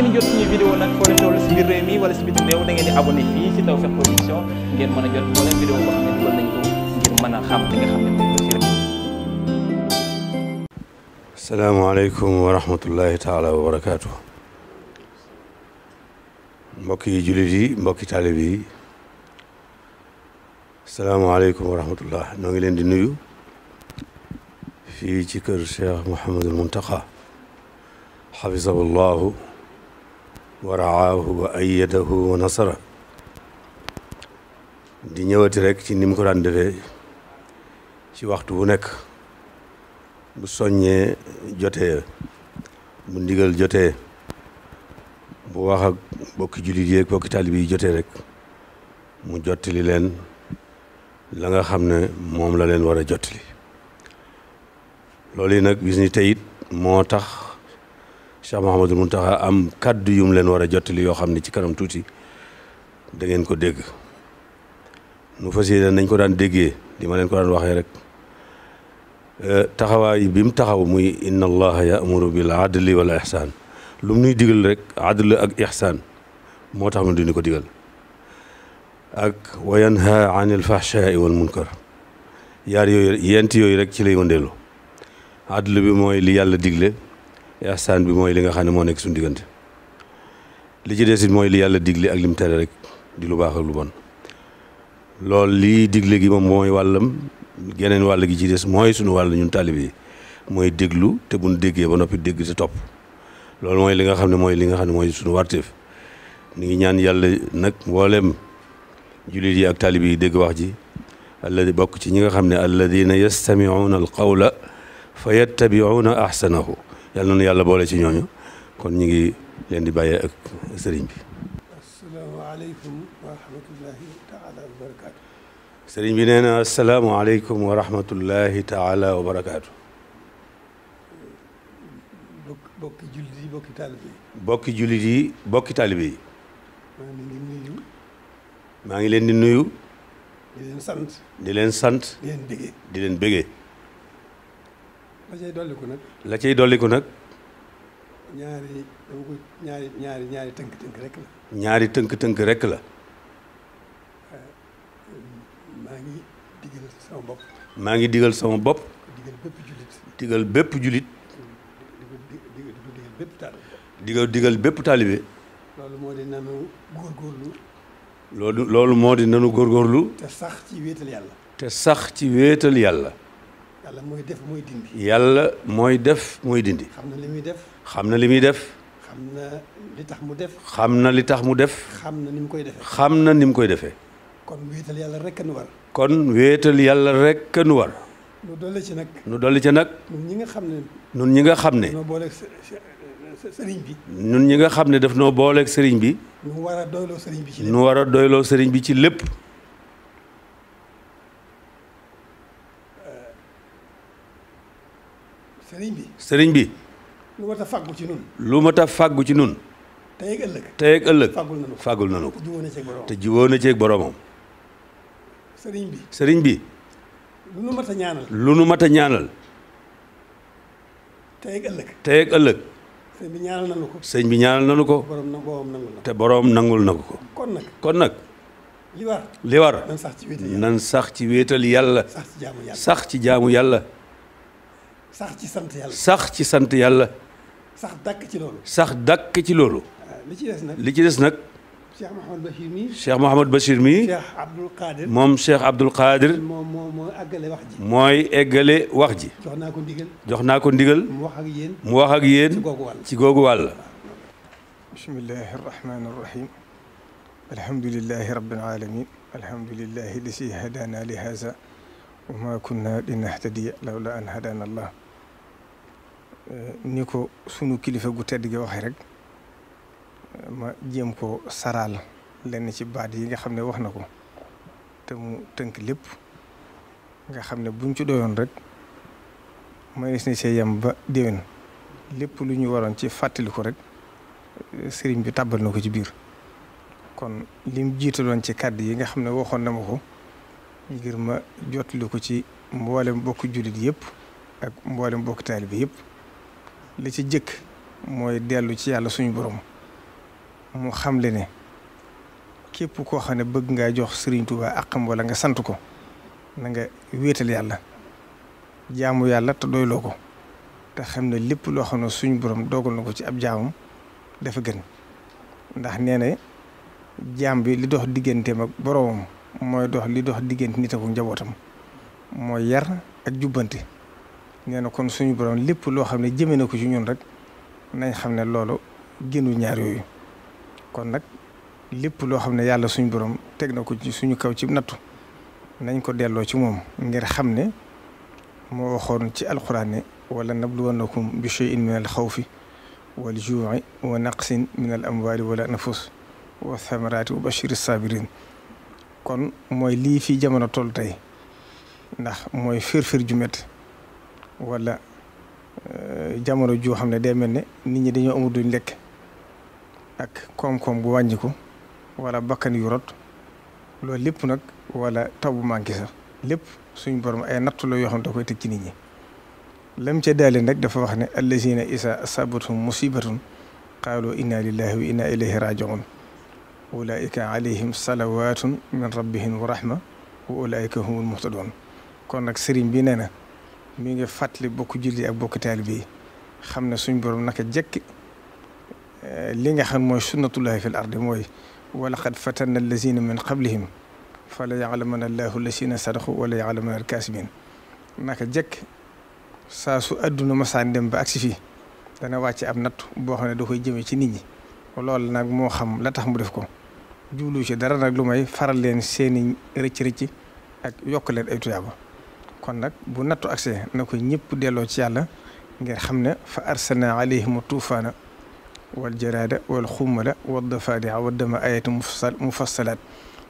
ngeen jot suñu vidéo nag foo leen toll si biir réew mi wala si biti réew da ngeen di abonné fii si Tawfekh Production ngeen mën a jot moo leen vidéo boo xam ne dugal nañ ko ngir mën a xam li nga xam ne moom la rek. salaamaaleykum wa rahmatullahi taala wa barakaatu. mbokki jullit yi mbokki taalib yi. salaamaaleykum wa rahmatullah noo ngi leen di nuyu. fii ci kër Cheikh Mouhamadul Mountakha. xafisahu llahu wa raahu wa ayyadahu wa nasara di ñëwati rek ci ni mu ko daan defee ci waxtu wu nekk bu soññee jotee bu ndigal jotee bu wax ak bokki jullit yi ak bokki taalib yi jotee rek mu jottali leen la nga xam ne moom la leen war a jottali loolu yi nag bis ni moo tax Cheikh Mouhamadul Mountakha am kàddu yum leen war a jottali yoo xam ne ci kanam tuuti da ko dégg nu fas yéene nañ ko daan déggee li ma leen ko daan waxee rek eh, taxawaay bi mu taxaw muy inna allaha ya'muru bil adli wal ihsaan lu mu nuy digal rek adl ak ihsaan moo tax mu duñu ko digal ak wa yanha anil fahshaa'i wal munkar yaar yooyu yent yooyu rek ci lay wëndeelu adl bi mooy li yàlla digle ihsaan bi mooy li nga xam ne moo nekk suñu diggante li ci des it mooy li yàlla digle ak lim tere rek di lu baax ak lu bon loolu lii digle gi moom mooy wàllam geneen wàll gi ci des mooy suñu wàll ñun taalibe yi mooy déglu te buñ déggee ba noppi dégg te topp loolu mooy li nga xam ne mooy li nga xam ne mooy suñu warteef ñu ngi ñaan yàlla nag mboolem jullit yi ak taalibe yi dégg wax ji alladi bokk ci ñi nga xam ne alladina yastamiuuna al qawla fa yattabiuuna ahsanahu yàlla na yàlla boole ci ñooñu kon ñu ngi leen di bàyyee ak sëriñ bi. asalaamaaleykum taala wa barakaatu. sëriñ bi nee na asalaamaaleykum wa taala wa bokki jullit yi bokki taalibe bokki jullit bokki taalibe maa ngi leen di nuyu. maa ngi leen di leen sant. di leen sant. la cay dolliku nag. la cay dolliku nag. ñaari dama ñaari ñaari ñaari tënk-tënk rek la. ñaari tënk-tënk rek la. Eh, maa ngi digal sama bopp. digal bépp julit. digal bépp julit. loolu moo di nanu góorgóorlu. loolu loolu moo di nanu góorgóorlu. te sax ci wéetal yàlla. te sax ci wéetal yàlla. yàlla mooy def mooy dindi. yàlla mooy def mooy dindi. xam na li muy def. xam na li muy def. xam na li tax mu def. xam na li tax mu def. xam na ni mu koy defee. xam na ni mu koy defee. kon wéetal yàlla rek nu war. kon wéetal yàlla rek nu war. nu dolli ci nag. nu dolli ci nag. ñi nga xam ne. nun ñi nga xam ne. ñoo sëriñ bi. ñun ñi nga xam ne daf noo booleeg sëriñ bi. nu a doyloo sëriñ bi ci nu war a doyloo sëriñ bi ci lépp. sëriñ bi sëriñ bi. lu mat fàggu ci nun lu fàggu ci nun tey ak ëllëg tey ak ëllëg. fàggul nañu ko te jiwoon na ceeg sëriñ bi sëriñ bi. lu mat a ñaanal. lu nu mat a ñaanal. ko. sëñ bi ñaanal nañu ko. borom nangul na te borom nangul na ko. kon nag kon nag. li war li war. nan sax ci wéetal yàlla nan sax ci wéetal yàlla. sax ci yàlla sax ci jaamu yàlla. sax ci sant yàlla. sax ci sant yàlla. sax dàkk ci loolu. sax dàkk ci loolu. Eh, li ci des nag li ci des nag. Cheikh Mouhamad Bachir mii. Cheikh Mouhamad Bachir mii. Cheikh Abdoul Khadir. moom Cheikh Abdoul Khadir. moom mooy eggale wax ji. mooy eggale wax ji. jox naa ko ndigal. jox naa ko ndigal. mu wax ak yéen. mu wax ak yéen. ci googu wàll ci googu wàll. bismillahi rahmani rahim. alhamdulilahi rabbil alamin. alhamdulilahi lasi hadana li haza. wa ma kunna linahtadiya lawla an hadana allah. Eh, ni ko sunu kilifa gu tedd gi waxee rek eh, ma jéem ko saraal lenn ci baat yi nga xam ne wax na ko te mu tënk lépp nga xam ne buñ ci doyoon rek manis ni see yem ba déwén lépp lu ñu waroon ci fàttali ko rek eh, sëriñ bi tàbbal na ko ci biir kon lim jiitaloon ci kàddu yi nga xam ne waxoon na ma ko ngir ma jotali ko ci mboolem bokk jullit yépp ak mboolem bokk taalibe yëpp li ci jëkk mooy dellu ci yàlla suñu borom mu xam le ne képp koo xam ne bëgg ngaa jox Serigne ak xam wala nga sant ko nanga nga wéetal yàlla jaamu yàlla te doyloo ko te xam ne lépp loo xam ne suñu borom dogal na ko ci ab jaamam dafa gën ndax nee na jaam bi li dox digganteem ak boromam mooy dox li dox diggante nit ak njabootam mooy yar ak jubbante. nee na kon suñu borom lépp loo xam ne jëme na ko ci ñun rek nañ xam ne loolu génn ñaar yooyu kon nag lépp loo xam ne yàlla suñu borom teg na ko ci suñu kaw ci nattu nañ ko delloo ci moom ngir xam ne moo waxoon ci alxuraan ne wala nabluwannakum bi shay'in min al xawfi wal juu'i wa naqsin min al amwaali wala anfus wa thamaraati wa bashiri sabirin kon mooy lii fi jamono toll tey ndax mooy firfir ju wala euh, jamono joo xam ne day mel ne nit ñi dañoo amul duñ lekk ak koom-koom bu ko wala bakkan yu rot loolu lépp nag walla taw bu manqué sax lépp suñ borom ay nattu la yoo xam ne da koy teg ci nit ñi lam ca daale nag dafa wax ne allazina isa asabatum musibatun qaalu inna lillahi wa inna ilayhi rajiun ulaika alayhim salawatun min rabbihim wa rahma wa ulaika humul muhtadun kon nag sëriñ bi nee na mi ngi fàttali bokku julli ak bokku taalibe yi xam ne suñ borom naka jekk eh, li nga xam mooy sunnatullahi fil ardi mooy wa laqad fatanna allazina min qablihim fa la ya'lamanna allahu allazina sadaqu wala ya'lamanna alkaasibin naka jekk saa su àdduna masaan dem ba agsi fii dana wàcce ab natt boo xam ne da koy jëmee ci nit ñi loolu nag moo xam la tax mu def ko jublu ci dara nag lu may faral leen seeni rëcc rëcc ak yokk leen ay tuyaaba kon nag bu nattu agsee na ko ñëpp delloo ci yàlla ngir xam ne fa arsalna alayhim tuufaana wal jaraada wal xummala wad dafaadia wa dama mufassalaat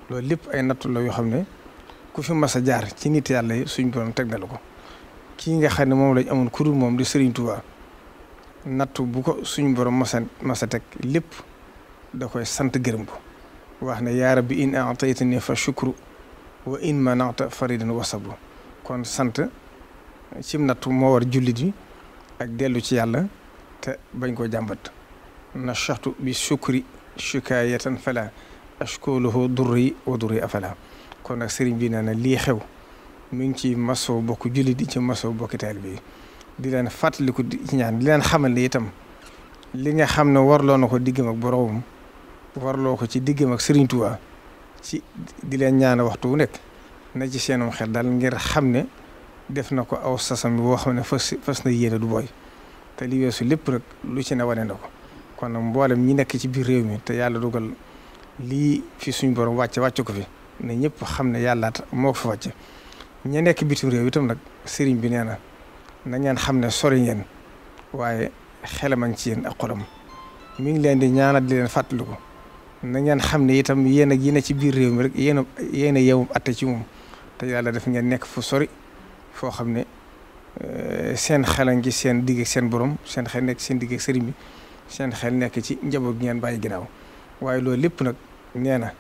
loolu lépp ay nattu la yoo xam ne ku fi mas a jaar ci nit yàlla yi suñ borom teg na la ko kii nga xam ne moom lañ amoon kuréel moom di Serigne Touba nattu bu ko suñ borom masa masa teg lépp da koy sant gërëm ko wax ne yaa rabbi in aataytani fa shukru wa in manata faridan wasabu kon sant cim nattu moo war jullit yi ak dellu ci yàlla te bañ ko jàmbat na chaxtu bi sukri shikaayatan fala ashkoluhu durri wa durri afala kon nag sëriñ bi nee na lii xew mi ngi ci masoo bokk jullit ci masoo bokki taalibe bi di leen fàttaliku di ci ñaan di leen xamal ne itam li nga xam ne warloo na ko diggam ak boroomam warloo ko ci diggam ak sëriñ Tuubaa ci di ñaan waxtu nekk na ci seenum xel dal ngir xam ne def na ko aw sasam boo xam ne fës fas na yéene du booy te li weesu lépp rek lu ci ne wane na ko kon nag mboolem ñi nekk ci biir réew mi te yàlla dugal lii fi suñ borom wàcce wàcce ko fi ñëpp xam ne yàlla moo ko fi nekk bitim réew itam nag sëriñ bi nee na na ngeen xam ne sori ngeen waaye xelam a ngi ci yéen ak xolam mi ngi leen di ñaana di leen fàttaliku na ngeen xam ne itam yéen ak yéen ci biir réew mi rek yéen yéen a yeewum atte ci moom. te yàlla def ngeen nekk fu sori foo xam ne eh, seen xel a ngi seen digg seen borom seen xel nekk seen digg ak sëriñ bi seen xel nekk ci njaboot ngeen bàyyi ginnaaw waaye loolu lépp nag nee na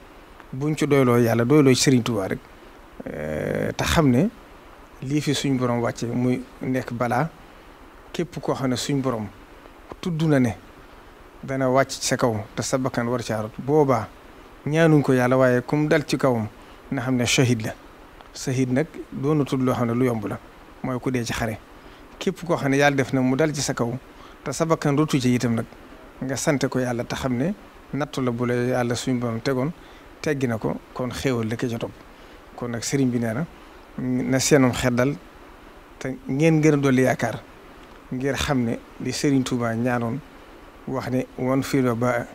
buñ ci doyloo yàlla doyloo ci sëriñ Tuubaa rek eh, te xam ne lii fi suñ borom wàcce muy nekk balaa képp koo xam ne suñ boroom tudd na ne dana wàcc sa kaw te sa bakkan war caarut boobaa ñaanuñ ko yàlla waaye kum dal ci kawam na xam ne shahid la sahid nag doonatul loo xam ne lu yomb la mooy ku dee ci xare képp koo xam ne yàlla def na mu dal ci sa kaw te sa bakkan ci itam nag nga sante ko yàlla te xam ne nattu la bula la yàlla suñu borom tegoon teggi na ko kon xéewal la ko topp kon nag sëriñ bi nee na na seenum xel te ngeen gën a dolli yaakaar ngir xam ne li sëriñ Touba ñaanoon wax ne wan filo ba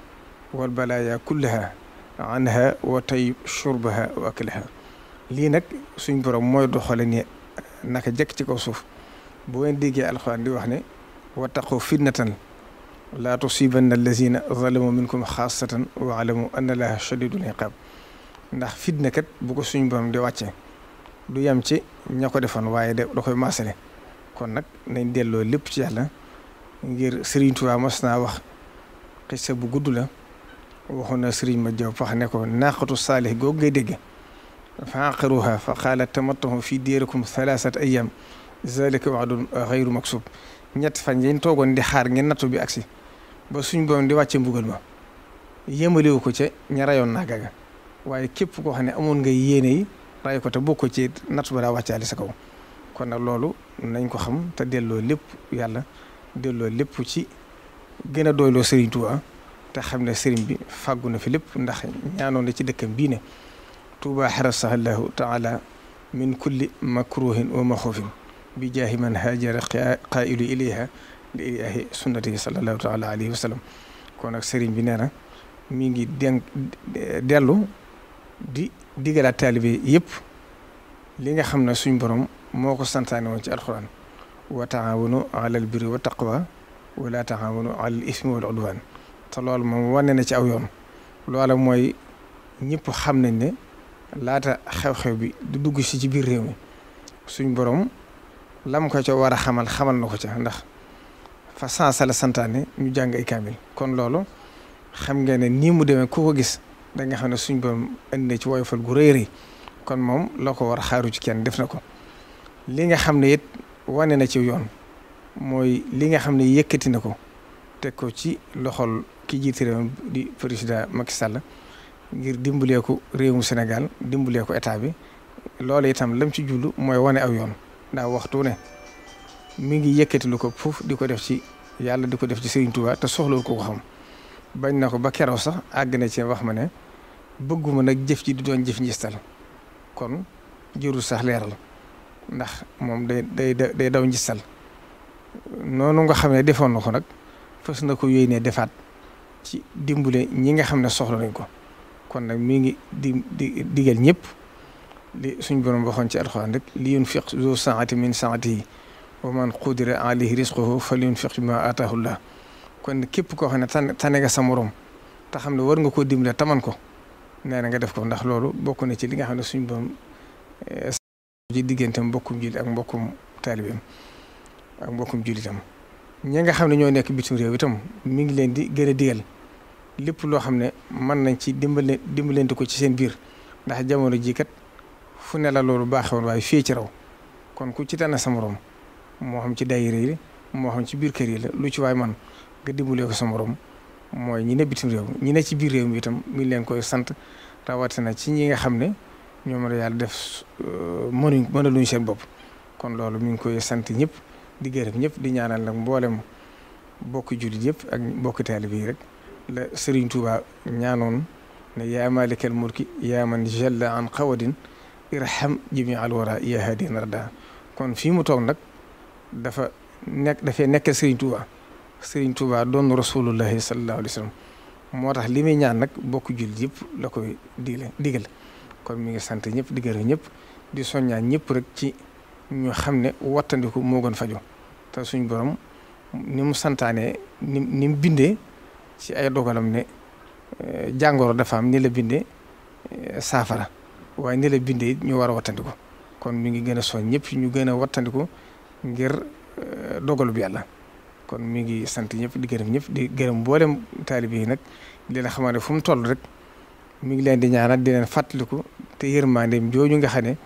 wal balaaya kullaha anha wa tayib shurbaha wa akliha lii nag suñ borom mooy doxale ni naka jekk ci kaw suuf boo ngeen déggee alxuraan di wax ne wattaqu fitnatan laa tusibanna allazina zalamu minkum xaasatan wa alamu anna laaha shadidul iqaab ndax fitna kat bu ko suñ borom di wàccee du yem ci ñako ko defoon waaye da koy maasale kon nag nañ delloo lépp ci yàlla ngir Serigne Touba mas naa wax xisa bu gudd la waxoon na Serigne ma Jaw pax ne ko naaqatu saalih googu ngay dégg fa aqaruha fa qaala tamattahu fi diirikum thalaasata ayyaam zalika waadun xayru maksub ñett fan yéen toogoon di xaar ngeen nattu bi agsi ba suñ boom di wàcce mbugal ma yemalewu ko ca ña rayoon naa gaga waaye képp koo xam ne amoon nga yéene yi ray ko te bokk ci nattu ba daa wàccaale sa kaw kon nag loolu nañ ko xam te delloo lépp yàlla delloo lépp ci gën a doyloo Serigne Touba te xam ne Serigne bi fàggu na fi lépp ndax ñaanoon na ci dëkkam bii ne tuuba xarasaha llahu taala min kulli makruhin wa maxuufin bi jaahi man haajara qaa'ilu ilayha li ilaahi sunnatihi sallallahu taala alayhi wa sallam kon nag sëriñ bi nee na mi ngi dénk dellu di digalaat taalibe yëpp li nga xam ne suñ borom moo ko santaane woon ci alxuraan wa taawanu alal birri ci aw yoon mooy ñëpp xam nañ ne laata xew-xew bi du dugg ci ci biir réew mi suñ borom lam ko ca war a xamal xamal na ko ca ndax fa sansala santaane ñu jàng ay kon loolu xam nga ne nii mu demee ku ko gis da xam ne suñ borom indi ci woyofal gu rëy rëy kon moom loo ko war a xaaru ci kenn def na ko li nga xam ne it wane na ci yoon mooy li nga xam ne yëkkati na ko teg ko ci loxol ki jiite réew di président Macky sàll ngir dimbalee ko réewum Sénégal dimbalee ko état bi loolu itam lam ci jullu mooy wane aw yoon ndax waxtu ne mu ngi yëkkati ko foofu di ko def ci yàlla di ko def ci Serigne Touba te soxla ko ko xam bañ na ko ba keroog sax àgg na ci wax ma ne bëgguma nag jëf ji di doon jëf njistal kon jërul sax leeral ndax moom day day day daw njistal noonu nga xam ne defoon na ko nag fas na ko yooyu ne defaat ci dimbale ñi nga xam ne soxla nañ ko. kon nag mi ngi di di digal ñëpp li suñ borom waxoon ci alxuraan rek li yunfiq zu saati min saatihi wa man fa alayhi rizquhu falyunfiq bima ataahu la kon képp koo xam ne tane tane nga sa morom te xam ne war nga koo dimbale taman ko nee na nga def ko ndax loolu bokk na ci li nga xam ne suñ boom ji eh, digganteem mbokkum jullit ak mbokkum taalibeem ak mbokkum jullitam ñi nga xam ne ñoo nekk bitim réew itam mi ngi leen di gën a digal lépp loo xam ne mën nañ ci dimbale dimbalante ko ci seen biir ndax jamono jii kat fu ne la loolu baaxewoon waaye fii ci raw kon ku ci tànn sa morom moo xam ci daayira yi moo xam ci biir kër yi la lu ci waaye man nga dimbalee ko sa moroom mooy ñi ne bitim réew ñi ne ci biir réew mi itam mi leen koy sant rawatina ci ñi nga xam ne ñoom la yàlla def euh, mënuñ mënaluñ seen bopp kon loolu mi ngi koy sant ñëpp di gërëm ñëpp di ñaanal nag mboolem bokki yëpp ak bokki taalibe yi rek. la Serigne Touba ñaanoon ne yaa malikal mulki yaa man jalla an xawadin irham jami al wara yaa narda kon fii mu toog nag dafa nekk dafay nekk Serigne Touba Serigne Touba doon rasulullahi sallallahu alayhi wa sallam moo tax li muy ñaan nag bokk jul yëpp la koy digle digal kon mi ngi sant ñëpp digal ñëpp di soññaa ñëpp rek ci ñu xam ne wattandiku moo gën faju te suñ borom ni mu santaanee ni ni mu bindee si ay dogalam ne eh, jàngoro dafa am ni la bindee eh, saafara waaye ni la bindee ñu war a wattandiku kon mu ngi gën a soñ ñëpp ñu gën a wattandiku ngir eh, dogalu bi yàlla kon mu ngi sant ñëpp di gërëm ñëpp di gërëm mboolem taalib yi nag di leen xamal ne fu mu toll rek mu ngi leen di ñaanal di leen fàttaliku te yërmandeem jooju nga xam ne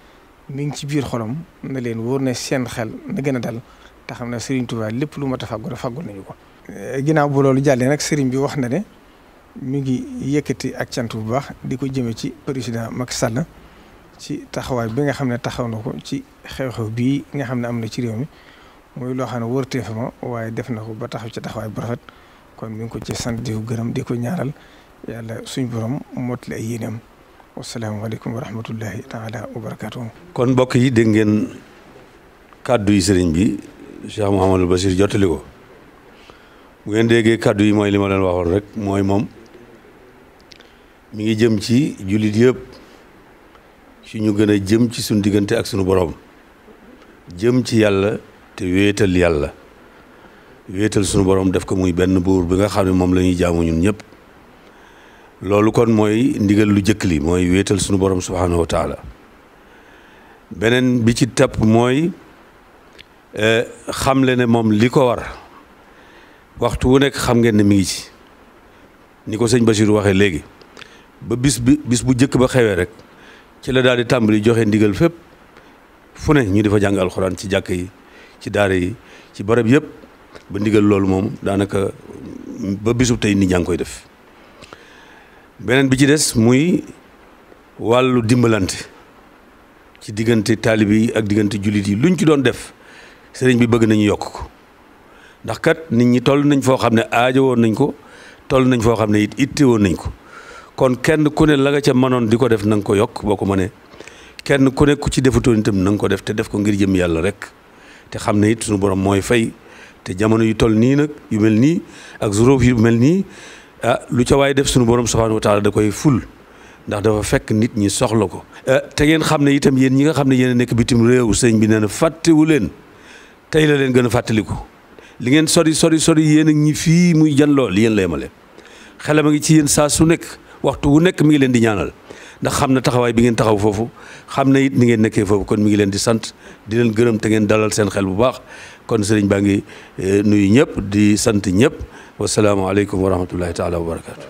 mu ngi ci biir xolam na leen wóor na seen xel na gën a dal te xam ne Serigne Touba lépp lu mat a fàggu faggul nañu ko. Eh, ginnaaw bu loolu jàllee nag sëriñ bi wax na ne mu ngi yëkkati ak cant bu baax di ko jëme ci président Macky Sall ci taxawaay bi nga xam ne taxaw na ko ci xew-xew bii nga xam ne am na ci réew mi muy loo xam ne wërtee fa ma waaye def na ko ba taxaw ci taxawaay bu kon mi ngi ko ci sant di ko gërëm di ko ñaaral yàlla suñ borom mottali ay yéenam wasalaamaaleykum wa rahmatullahi taala wa barakaatu. kon mbokk yi dégg ngeen kàddu yi sëriñ bi Cheikh Mouhamadou Bachir ko. bu ngeen déggee kàddu yi mooy li ma leen waxoon rek mooy moom mi ngi jëm ci jullit yëpp ci ñu gën a jëm ci suñu diggante ak suñu boroom jëm ci yàlla te wéetal yàlla wéetal suñu boroom def ko muy benn buur bi nga xam ne moom lañuy ñuy jaamu ñun ñëpp loolu kon mooy ndigal lu jëkk li mooy wéetal suñu boroom subhaanahu wa taala beneen bi ci tapp mooy eh, xamle ne moom li ko war waxtu wu nekk xam ngeen ne mi ngi ci ni ko sëñ Bachir waxee léegi ba bis bi bis bu njëkk ba xewee rek ci la daal di tàmbali joxe ndigal fépp fu ne ñu di fa jàng alxuraan ci jàkk yi ci daara yi ci barab yëpp ba ndigal loolu moom daanaka ba bisu tey nit ñaa ngi koy def beneen bi ci des muy wàllu dimbalante ci diggante taalibe yi ak diggante jullit yi luñ ci doon def sëriñ bi bëgg nañu yokk ko ndax kat nit ñi toll nañ foo xam ne aajo woon nañ ko toll nañ foo xam ne it itti woon nañ ko kon kenn ku ne la nga ca mënoon di ko def na ko yokk boo ko mënee kenn ku ne ku ci defutoon itam na nga ko def te def ko ngir jëm yàlla rek te xam ne it suñu borom mooy fay te jamono yu toll nii nag yu mel nii ak juróom yu mel nii ah lu ca waaye def suñu borom subhaanahu wa da koy ful ndax dafa fekk nit ñi soxla ko. Eh, te ngeen xam ne itam yéen ñi nga xam ne yéen a nekk bitim réew sëñ bi nee na fàttewu leen tey la leen gën a fàttaliku. li ngeen sori sori sori yéen ak ñi fii muy jan lool yéen ma yemale xelam a ngi ci yéen saa su nekk waxtu wu nekk mi ngi leen di ñaanal ndax xam na taxawaay bi ngeen taxaw foofu xam na it ni ngeen nekkee foofu kon mi ngi leen di sant di leen gërëm te ngeen dalal seen xel bu baax kon sëriñ baa ngi eh, nuyu ñëpp di sant ñëpp wasalaamaaleykum wa rahmatullahi taala wa barakaatu.